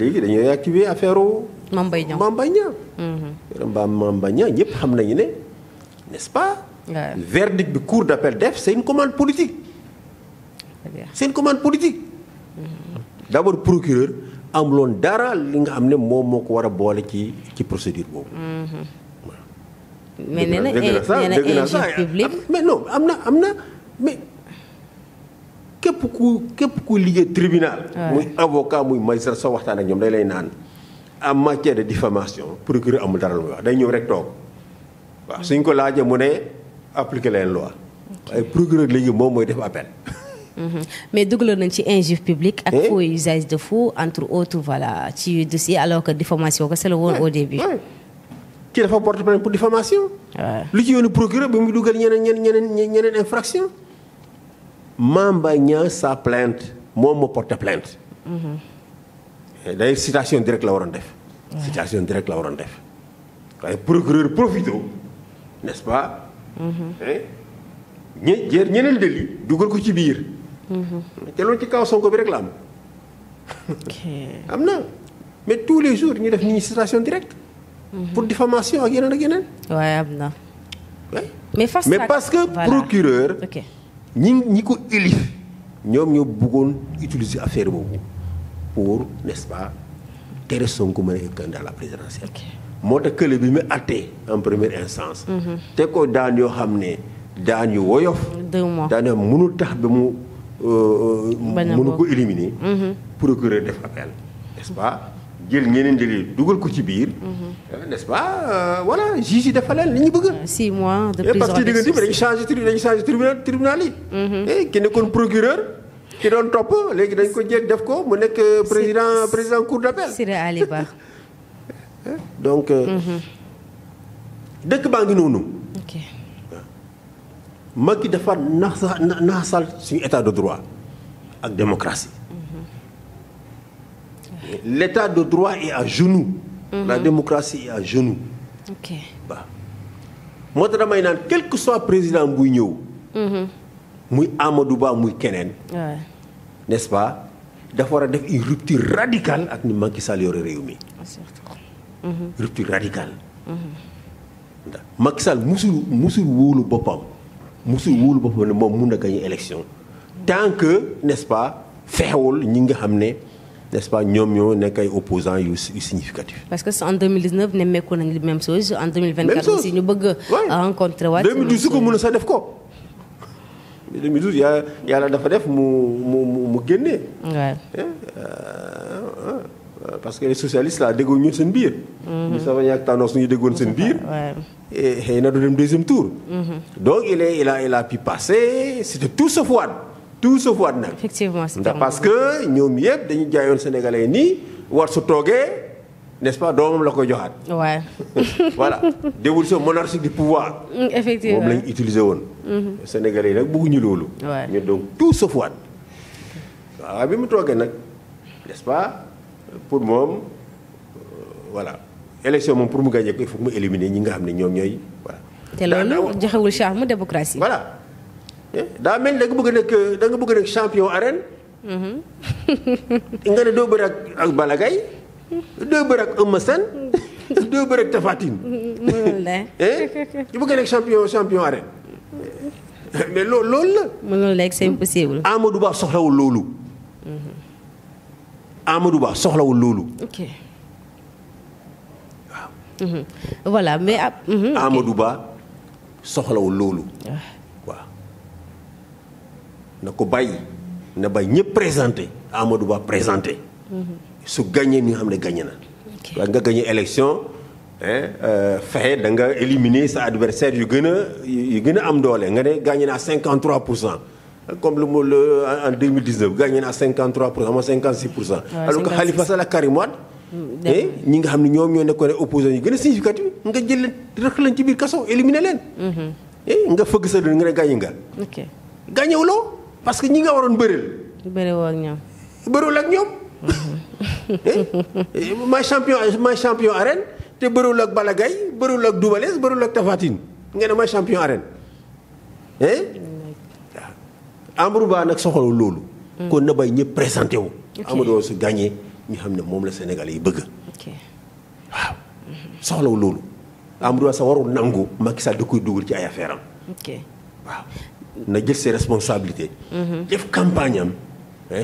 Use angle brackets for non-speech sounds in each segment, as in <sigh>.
léegi dañuy activé affaire Mame Mbaye Niang Mame Mbaye Niang mbaa mhm. Mame Mbaye Niang ñëpp xam nañu ne n'est-ce pas verdict bi cour d'appel def c'est une commande politique c'est une commande politique mhm. d'abord procureur amuloon dara li nga xam ne moom moo ko war a boole ci ci procédure boobu mhm. mais nee na injure publique ah, mais non am na am na mais képp ku képp ku liggéey tribunal. muy avocat muy magistrat soo waxtaan ak ñoom day lay naan en matière de diffamation procureur amul dara lu muy wax day ñëw rek toog waaw suñ ko laajee mu ne appliquer leen loi ay procureur léegi moom mooy def appel. Mhm. mais dugaloon nañ ci injure publique. ak eh? faux usage de faux entre autres voilà ci dossier alors que diffamation kese la woon au début. kii dafa porte plainte pour diffamation. lu ci yoonu procureur bi mu dugal ñeneen ñeneen ñeneen Mame Mbaye Niang sa plainte moom ma porté plainte. Mhm. Eh, day citation directe la waroon def. citation directe la waroon def. waaye procureur profité n'est-ce pas. Mhm. Eh, ñe jër ñeneen deli dugal ko ci biir. Mhm. te loolu ci kaw Sonko bi rek la am. <laughs> am na mais tous les jours ñu def ñi citation directe. pour diffamation ak yeneen ak yeneen. waaye am na. mais parce que procureur. ñi ñi ko élif ñoom ñoo bëggoon utiliser affaire boobu pour n'est-ce tere Sonko mën a nekk candidat à la moo tax kële bi mu àttee en première instance. Mhm. te ko daan yoo xam ne daan yu woyof. deux daan yoo mënul tax ba mu. Euh, euh, mënu ko éliminer. Mhm. procureur def appel n'est-ce jël ñeneen délai dugal ko ci biir. Euh, n'est-ce pas euh, voilà juge yi dafa leen li ñu bëgg. 6 euh, mois de prison parce que diggante bi dañu changé tri dañu changé tribunal tribunal yi. eh ki nekkoon procureur. ki topp léegi dañ ko jël def ko mu nekk président président cour d'appel. Siré Ali Ba. <laughs> donc. Mhm. dëkk baa ngi noonu. ok Macky dafa naax naaxal suñu état de droit ak démocratie. L'état de droit est à genoux. Mm -hmm. La démocratie est à genoux. moo tax damay naan quel soit président buy ñëw. Mhm. muy Amadou Ba muy keneen. n'est-ce pas dafa war a def une rupture radicale ak ni Macky Sall yore réew mi. Ah, mhm. Mhm. rupture radicale. ndax Macky musul musul wóolu boppam musul wóolu boppam ne moom mun na gagner élection tant que n'est-ce pas fexewul ñi nga xam ne. n'est-ce pas nekk ay opposants yu significatifs. parce que en 2019 nemmeeku nañu même chose en ñu bëgg a rencontré waat 2012 ko mën yàlla dafa def mu mu mu mu génnee. Eh, euh, euh, euh, parce que les socialistes là déggoo ñun seen biir. ñu sama ñaak Thanos ñu déggoon seen biir. xëy na du dem deuxième tour. Mm-hmm. donc il e il a il a pu passer c'était tout sauf Wade. tout sauf Wade effectivement ndax parce que ñoom yëpp dañu jaayoon sénégalais nii war su toogee. n'est-ce pas doomam la koy joxaat. waaw. <laughs> voilà dévolution monarchique du pouvoir. Mm, effectivement moom la ñu utilisé woon. Mm-hmm. Sénégalais yi nag bëgguñu loolu. ñu donc tout sauf bi mu toogee nag n'est-ce pas pour moom euh, voilà élection moom pour mu gagné ko il mu éliminer ñi nga xam ne ñoom ñooy voilà. te loolu joxewul charme démocratie. voilà. daa mel da nga bëgg nekk da nga bëgg nekk champion arène. Mm-hmm. nga ne doo ak ak Balla Gaye doo bëri ak Eumeu Sène doo bëri ak Tapha Tine. mënul ne. ñu <laughs> eh? bëgg nekk champion champion arène. <laughs> mais loolu loolu la. mënul nekk c'est impossible. soxlawul loolu. Mm-hmm. Amadou Ba soxlawul loolu. ok waaw. Mm-hmm. voilà mais. Amadou soxlawul loolu. Ah. na ko bàyyi na bàyyi ñëpp présenté Amadou Ba présenté. su gagné ñu xam ne gagné na. waaye nga gagné élection euh, da nga sa adversaire yu gën a yu a am doole nga ne gagné naa 53 pour cent. comme lu mu le en 2019 gagné naa 53 pour cent ma 56 pour cent. alors que Khalifa Sall ak Karim Wade. Mm, ñi nga xam ne ñoom ñoo nekkoon opposition yu gën a nga jël leen rëq leen ci biir kaso éliminer leen. Mm-hmm. Eh, nga fëgg sa dënn nga ne gagné nga. ok parce que ñi nga waroon bëril. bëriwoo ak ñoom. bëriwul <laughs> eh? champion maay te bëriwul ak Balla Gaye bëriwul ak Double Less ak Tapha nga ne maay champion arène. Eh? Mm-hmm. Amadou Ba nag soxlawul loolu. Mm. kon na bay ñëpp présenté wu. Amadou su gagné ñu xam ne moom la Sénégal yi bëgg. waaw soxlawul loolu. Amadou Ba sa warul nangu Macky Sall da koy dugal ci ay affaire am. waaw na jël ses responsabilités. Mhm. def campagne am.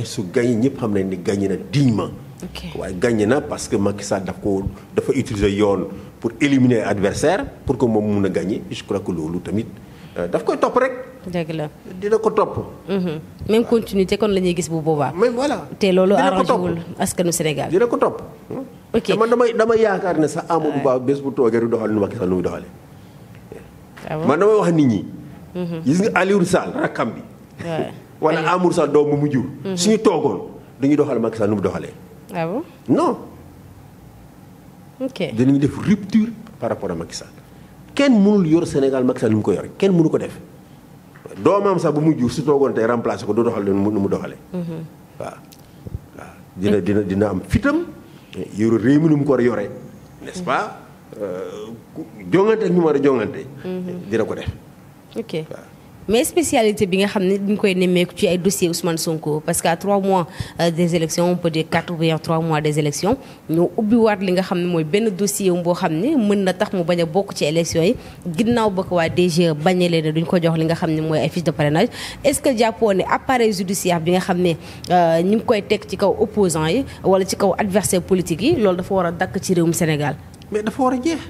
su gagné ñëpp xam nañ ni gagné na dignement waaye gagné na parce que Macky Sall daf ko dafa utiliser yoon pour éliminer adversaire pour que moom mun a gagné je crois que loolu tamit euh, daf koy topp rek. la dina ko topp. Mhm. même continuité kon la gis bu boobaa. mais voilà te loolu arrangé wul askanu Sénégal. dina ko topp. ok te man damay damay yaakaar ne sax Amadou Ba bés bu toogee du doxal nu Macky Sall nu muy doxalee. Mm-hmm. gis nga Aliou Sall rakkam bi. wala Amour Sall doom bu mu jur. Mm-hmm. suñu toogoon dañuy doxal Macky Sall nu mu doxalee. Ah non. ok danañ def rupture par rapport à Macky Sall kenn mënul yor Sénégal Macky Sall ni mu ko yore kenn mënu ko def sax bu mu jur su toogoon ko du doxal nu mu doxalee. Mm-hmm. waaw waaw dina dina dina am fitam yore réew mi nu mu ko yore n'est-ce euh, jongante ak ñu war a jongante. dina ko def. ok mais spécialité bi nga xam ne dañ koy nemmeeku ci ay dossier Ousmane Sonko parce que à trois mois euh, des élections on peut mois des élections ñu ubbiwaat li nga xam ne mooy benn dossier boo xam ne mën na tax mu bañ a bokk ci élections yi ginnaaw ba ko waa DG bañee leen ko jox li nga xam ne mooy ay fiche de parrainage est-ce que jàppoo ne appareil judiciaire bi nga xam ne euh, ñu ngi koy teg ci kaw opposant yi wala ci kaw adversaire politique yi loolu dafa war a dakk ci réewum Sénégal mais dafa war a jeex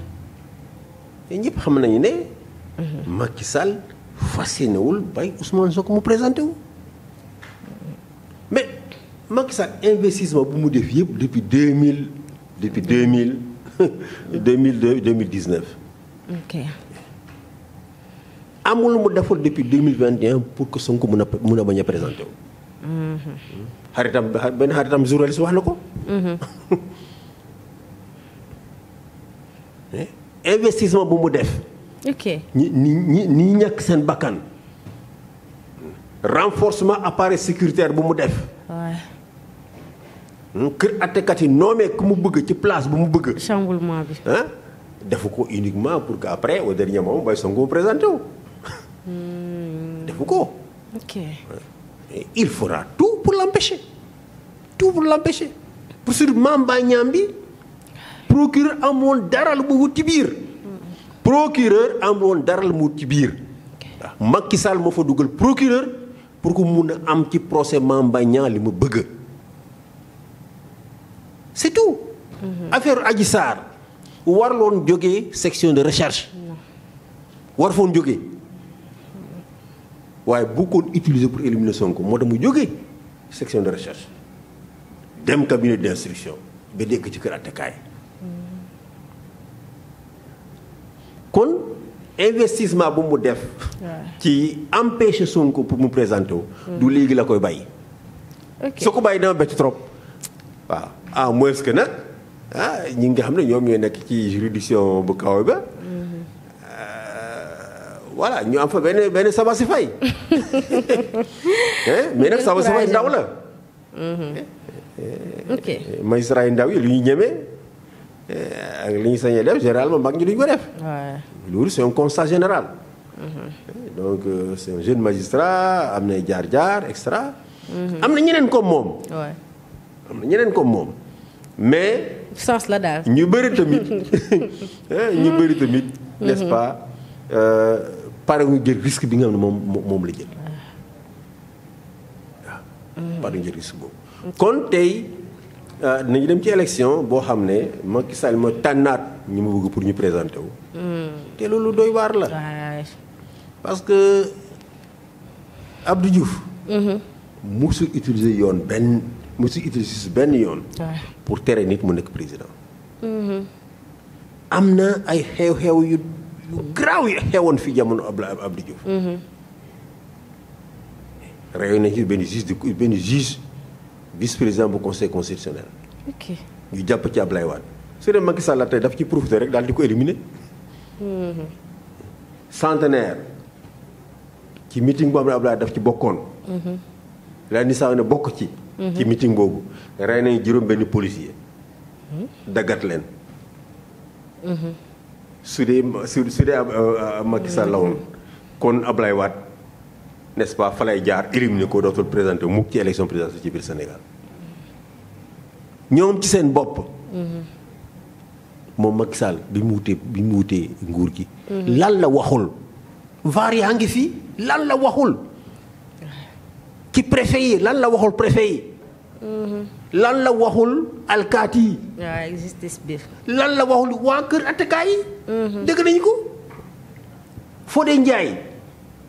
ñëpp xam nañu ne Macky Sall fas yéenewul bay Ousmane Sonko mu présenté wu. mais Macky investissement bu mu def yëpp depuis deux mille depuis deux mille <laughs> deux mille deux deux mille dix neuf. amul mu deful depuis deux mille vingt et un pour que Sonko mun a mun a bañ a présenté mm-hmm. xaritam benn xaritam journaliste wax na ko. Mm-hmm. <laughs> Eh? investissement bu mu def. ok ñi ñi ñi ñàkk seen bakkan renforcement appareil sécuritaire bu mu def. Hmm, kër attekat yi noomee ku mu bëgg ci place bu mu bëgg. chamboulement bi. ah defu ko uniquement pour que après au dernier moment Mbaye Sonko présenté wu. Hmm. defu ko. ok il fera tout pour l'empêcher tout pour l'empêcher pour sur Mame Mbaye Niang bi procureur amoon dara la mu wut ci biir. procureur am woon dara la mu ci biir waaw Macky Sall moo fa dugal procureur pour que mun a am ci procès Mame Mbaye Niang li ma bëgg c'est tout mhm. affaire Adji Sarr war loon jógee section de recherche war foon jógee waaye bu ko utiliser pour éliminer Sonko moo tax mu jógee section de recherche dem cabinet d'instruction ba dégg ci kër attekaay investissement bu mu def. ci empêcher Sonko pour mu présenter wu. du mm. léegi la koy bàyyi. su ko bàyyi dama bett trop. waaw en moins que nag ah ñi nga xam ne ñoom ñooy nekk ci juridiction bu kaw ba. Mm-hmm. Euh, voilà ñu am fa benn benn saba si fay. <laughs> mais nag saba si fay ndaw la. Mm-hmm. Eh, eh, ok eh, magistrat ndaw yi lu ñu ñemee. Eh, ak li ñu sañee def généralement mag ñi duñ ko def. loolu c'est un constat général. Mmh. donc euh, c'est un jeune magistrat am jaar-jaar et mm-hmm. am na ñeneen comme moom. am na ñeneen comme moom mais. sens la daal ñu bëri tamit <laughs> eh, ñu bëri tamit. Mm-hmm. n'est-ce pas euh, pare ñu jël risque bi nga xam ne moom moom la jël mm-hmm. pare ñu jël risque boobu kon tey. Euh, nañu dem ci élection boo xam ne Macky Sall ma tànnaat ñi ma bëgg pour ñu présenter wu. Hmm. te loolu doy waar la. parce que Abdou Diouf. Mm-hmm. musu utiliser yoon benn musu utiliser benn yoon. pour tere nit mu nekk président. Mm-hmm. am na ay xew-xew yu yu garaaw yu xewoon fi jamono Abdou Diouf. Mm-hmm. réew nañ ci benn juge benn juge. vice-président bu conseil constitutionnel. ok ñu jàpp ci Ablaye Wade su dee Macky Sall tey daf ci profité rek daal di ko éliminer. Mhm. centenaire ci meeting boobu Ablaye daf ci bokkoon. Mhm. la ni saa ne bokk ci. Mhm. ci meeting boobu rey nañu juróom benn policier. daggat leen. su dee su dee euh, euh, Macky la woon kon Ablaye Wade. n'est-ce pas fa lay jaar éliminer ko dootul présenté mukk ci élection présidentielle ci biir Sénégal ñoom ci seen bopp. moom Macky Sall bi mu wutee bi mu wutee nguur gi. lan la waxul. vaar yaa ngi fi lan la waxul. ci préfet yi lan la waxul préfet lan la waxul alkaati lan la waxul waa kër attakaay yi. Mhm. dëgg nañu ko. Fodé Ndiaye.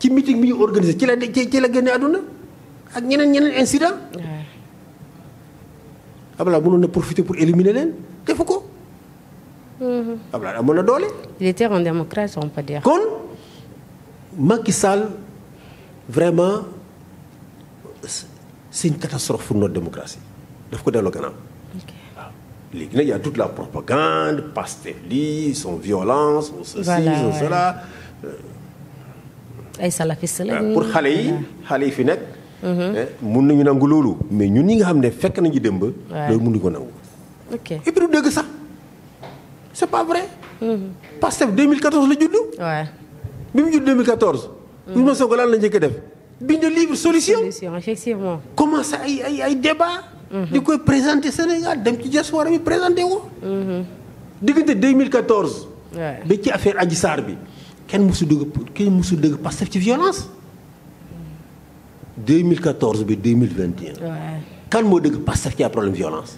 ci meeting bi ñu organisé ci la ci la génne àdduna ak ñeneen ñeneen incident. Abdoulaye mënoon na profiter pour éliminer leen defu ko. Mm-hmm. Abdoulaye amoon na doole. il était un démocrate on peut dire. kon vraiment c'est une catastrophe pour notre démocratie daf ko delloo gannaaw. léegi nag y toute la propagande Pastef lii son violence. son ceci son cela. Euh, ay salafiste la ah, pour xale yi xale yi fi nekk. Mm-hmm. Eh, mun nañu nangu loolu. mais ñun ñi nga xam ne fekk nañu démb. waaw mun mënuñu ko nangu. ok et puis du dëgg sax c' est pas vrai. Mm-hmm. Pastef 2014 la judd. waaw bi mu judd 2014. Mm-hmm. Ousmane Sonko lan la njëkk a def. bind livre solution solution effectivement. commencé ay ay ay débat. di koy présenté Sénégal dem ci diaspora bi présenté ko. diggante 2014. waaw ba ci affaire Adji Sarr bi. kenn mësu dëgg kenn mësu dëgg Pastef ci violence 2014 bi 2021. waaw kan moo dëgg Pastef ci ay problème violence.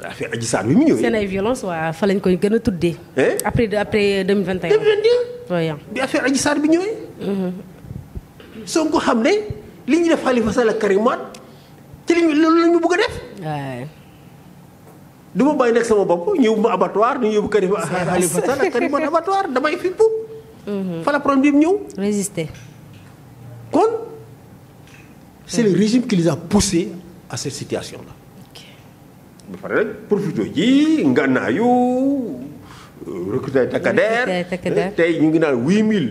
waaw hmm. fi bi mu ñëwee. seen ay violence waa fa lañ koy gën a tuddee. Eh? après après 2021. 2021 waaw bi affaire Adji Sarr bi ñëwee. Mm-hmm. Sonko xam ne li ñu def Khalifa Sall ak Karim Wade ci li ñu loolu la ñu def. du ma bàyyi nag sama bopp ñëw ma abattoir ñu yóbbu Karim Aliou abattoir damay fippu. Mhm. fa la problème bi ñëw. résister. kon c'est le régime qui les a poussés à cette situation là. ba pare profito ji ngànnaayu euh, recruter takkadeer euh, tey ñu ngi naan huit mille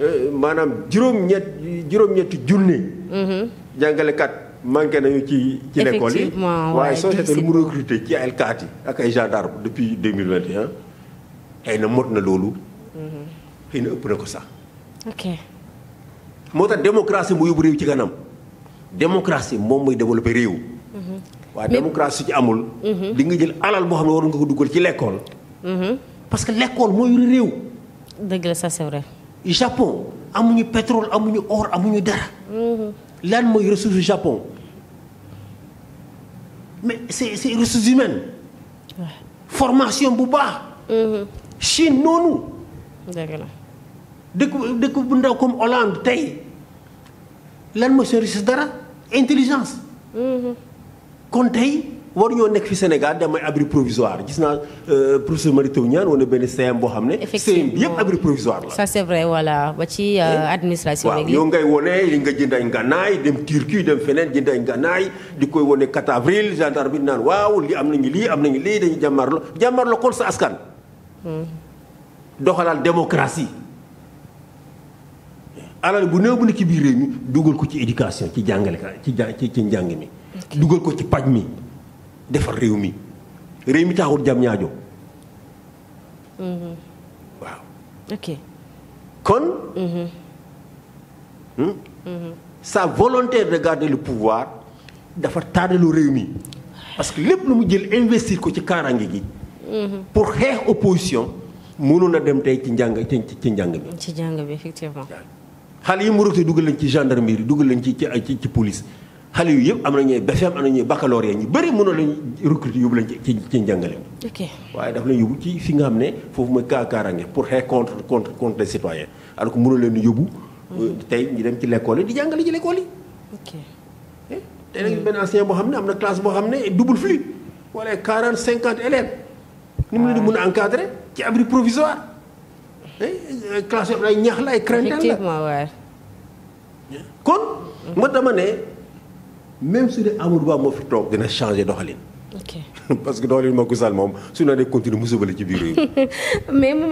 euh, maanaam juróom-ñett juróom-ñetti junne. Mhm. jàngalekat. manqué nañu ci ci l'école yi waaye soo seetee lu mu recruté ci ay alkaati ak ay gendarme depuis 2021 xëy na mot na loolu mm-hmm. xëy na ëpp na ko sax moo tax démocratie mu yóbbu réew ci kanam démocratie moom mooy développé réew mm-hmm. waaye démocratie ci amul mm-hmm. di nga jël alal boo xam ne war nga ko duggal ci l'école parce que l'école mooy yore réew dëgg la ça c'est vrai Japon amuñu pétrole amuñu or amuñu dara lan mooy ressource Japon mais c'est c'est ressources humaines formation bu baax mm-hmm. Chine noonu dëgg la dëkk dëkk bu ndaw comme Hollande tey lan mooy seen ressource dara intelligence mm-hmm. kon tey war ñoo nekk fi Sénégal damay abri provisoire gis naa euh, professeur Mary Teuw Niane woon benn CEM boo xam ne. effectivement CEM bi yëpp abri provisoire la. ça voilà ba ci euh, eh? administration. waaw yow ngay wone li nga jënd ay ngànnaay dem Turquie dem feneen jënd ay ngànnaay di koy wone 4 avril gendarme bi naan waaw li am nañu lii am nañu lii dañuy jàmmarloo jàmmarloo kon sa askan. Hmm. doxalaal démocratie. alal bu néew bu ne ci biir réew mi dugal ko ci éducation ci jàngale ci ci njàng mi. dugal ko ci paj mi. defar réew mi réew mi taxul jam ñaajo mm-hmm. waaw. ok kon. Mm-hmm. Hmm? Mm-hmm. sa volonté de garder le pouvoir dafa taadalu réew mi parce que lépp lu mu jël investir ko ci kaaraange gi. pour xeex opposition mënoon a dem tey ci njàng ci ci njàng bi. ci njàng bi effectivement. yi mu rëkk dugal leen ci gendarmerie dugal leen ci ci ci police. xale yu yëpp am na ñuy BFEM am na ñuy baccalauréat ñu bëri mënoo lañ recruter yóbbu lañ ci ci njàngale ok waaye daf lañ yóbbu ci fi nga xam ne foofu mooy kaa kaaraange pour xeex contre contre contre les citoyens alors que mënoo leen di yóbbu. Euh, tey dem ci l'école yi di jàngale ci l'école yi. ok eh, tey boo xam ne am na classe boo xam ne double flux wala 40 50 élèves. di mën a encadrer ci abri provisoire. Eh, classe yooyu ay ñax la ay craintal la effectivement waay kon. moo dama ne. même su dee Amadou Ba moo fi toog dina changer doxalin. ok <laughs> parce que doxalin Macky Sall moom su ñu dee continuer musiba la ci biir réew mi. <laughs>